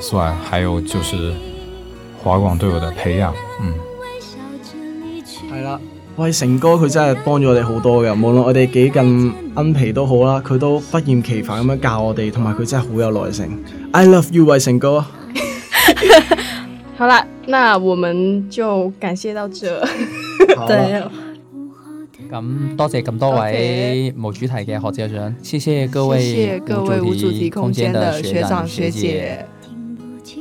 算，外，還有就是華廣對我的培養，嗯，係啦，魏成哥佢真係幫咗我哋好多嘅，無論我哋幾近恩皮都好啦，佢都不厭其煩咁樣教我哋，同埋佢真係好有耐性。I love you，魏成哥。 好啦，那我們就感謝到這。 好啦。咁 多謝咁多位、okay. 無主題嘅學長學姐，謝謝各位！謝謝各位無主題空間的學長學姐。學姐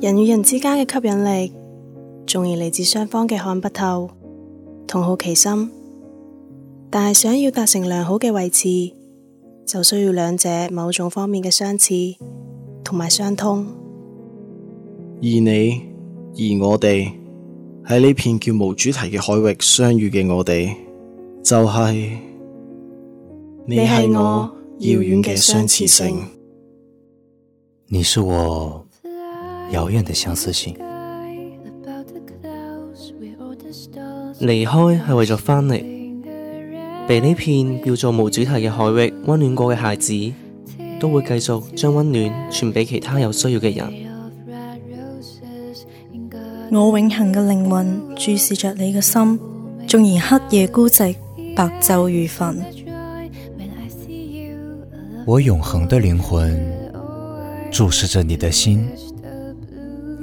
人與人之間嘅吸引力，仍然嚟自雙方嘅看不透同好奇心。但係想要達成良好嘅位置，就需要兩者某種方面嘅相似同埋相通。而你，而我哋喺呢片叫無主題嘅海域相遇嘅我哋，就係、是、你係我遙遠嘅相似性。你係我。遙遠的相似性。離開是為咗返嚟，被呢片叫做無主題嘅海域溫暖過嘅孩子，都會繼續將溫暖傳俾其他有需要嘅人。我永恆嘅靈魂注視着你嘅心，縱然黑夜孤寂，白晝如焚。我永恆的靈魂注視着你的心。